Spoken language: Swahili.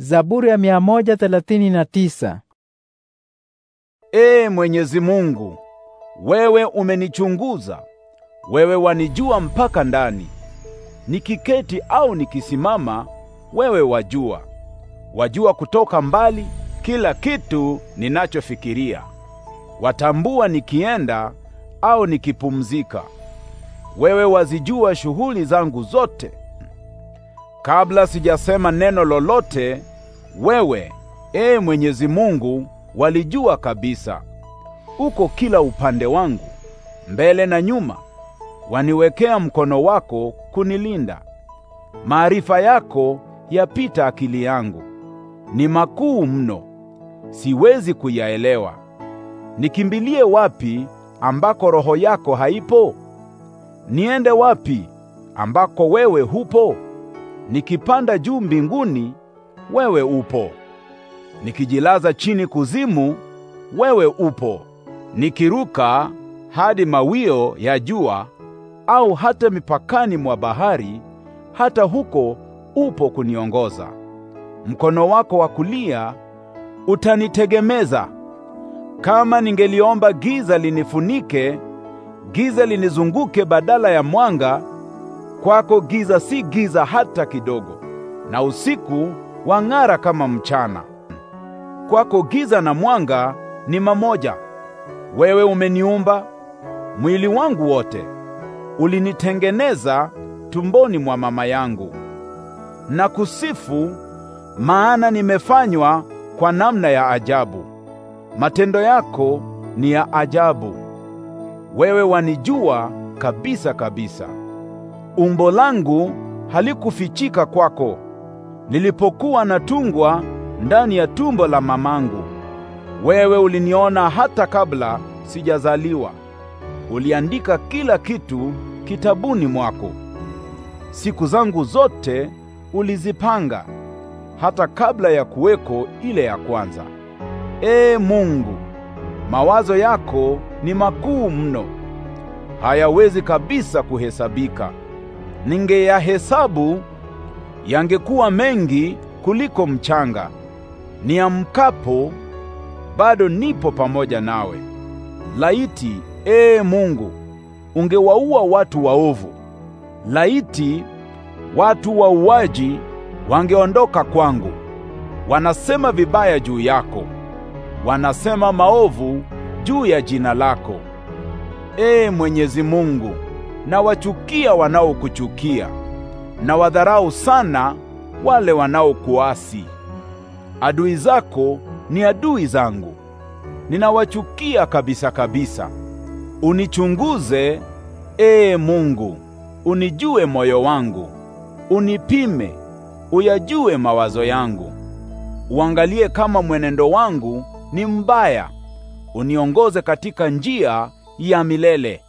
Zaburi ya 139. Ee Mwenyezi Mungu, wewe umenichunguza, wewe wanijua mpaka ndani. Nikiketi au nikisimama, wewe wajua. Wajua kutoka mbali kila kitu ninachofikiria. Watambua nikienda au nikipumzika. Wewe wazijua shughuli zangu zote. Kabla sijasema neno lolote, wewe ee Mwenyezi Mungu, walijua kabisa. Uko kila upande wangu, mbele na nyuma, waniwekea mkono wako kunilinda. Maarifa yako yapita akili yangu, ni makuu mno, siwezi kuyaelewa. Nikimbilie wapi ambako roho yako haipo? Niende wapi ambako wewe hupo? Nikipanda juu mbinguni, wewe upo. Nikijilaza chini kuzimu, wewe upo. Nikiruka hadi mawio ya jua au hata mipakani mwa bahari, hata huko upo kuniongoza. Mkono wako wa kulia utanitegemeza. Kama ningeliomba giza linifunike, giza linizunguke badala ya mwanga Kwako giza si giza hata kidogo, na usiku wang'ara kama mchana. Kwako giza na mwanga ni mamoja. Wewe umeniumba mwili wangu wote, ulinitengeneza tumboni mwa mama yangu. Na kusifu maana nimefanywa kwa namna ya ajabu, matendo yako ni ya ajabu. Wewe wanijua kabisa kabisa umbo langu halikufichika kwako nilipokuwa natungwa ndani ya tumbo la mamangu. Wewe uliniona hata kabla sijazaliwa, uliandika kila kitu kitabuni mwako. Siku zangu zote ulizipanga hata kabla ya kuweko ile ya kwanza. Ee Mungu, mawazo yako ni makuu mno, hayawezi kabisa kuhesabika ningeyahesabu yangekuwa mengi kuliko mchanga. Niamkapo bado nipo pamoja nawe. Laiti, ee Mungu, ungewaua watu waovu. Laiti watu wauaji wangeondoka kwangu. Wanasema vibaya juu yako, wanasema maovu juu ya jina lako, ee Mwenyezi Mungu na wachukia wanaokuchukia, na wadharau sana wale wanaokuasi. Adui zako ni adui zangu, ninawachukia kabisa kabisa. Unichunguze, ee Mungu, unijue moyo wangu, unipime, uyajue mawazo yangu. Uangalie kama mwenendo wangu ni mbaya, uniongoze katika njia ya milele.